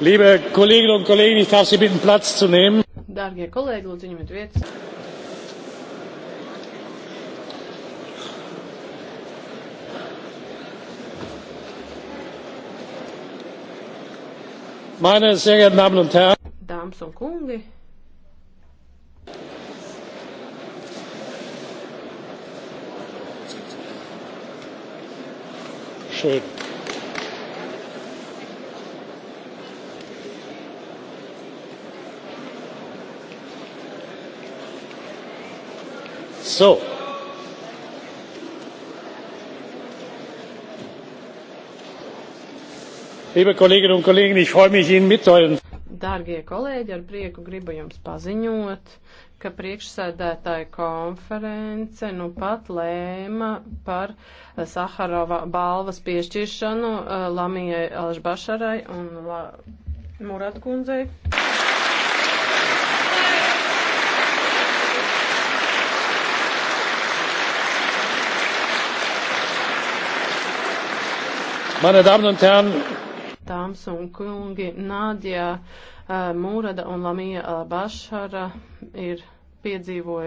Liebe Kolleginnen und Kollegen, ich darf Sie bitten, Platz zu nehmen. Dārgie kolēģi, lūdzu, ņemiet vietas. Meine sehr geehrten Damen und Herren, Dāmas un kungi, schön. So. Liebe Kolleginnen und Kollegen, ich freue mich Ihnen mitteilen. Dārgie kolēģi, ar prieku gribu jums paziņot, ka priekšsēdētāja konference nu pat lēma par Saharova balvas piešķiršanu eh, Lamijai Alžbašarai un La Murat kundzei. Meine Damen un Herren, Dāmas un kungi, Nādja eh, Mūrada un Lamija eh, Bašara ir piedzīvojuši.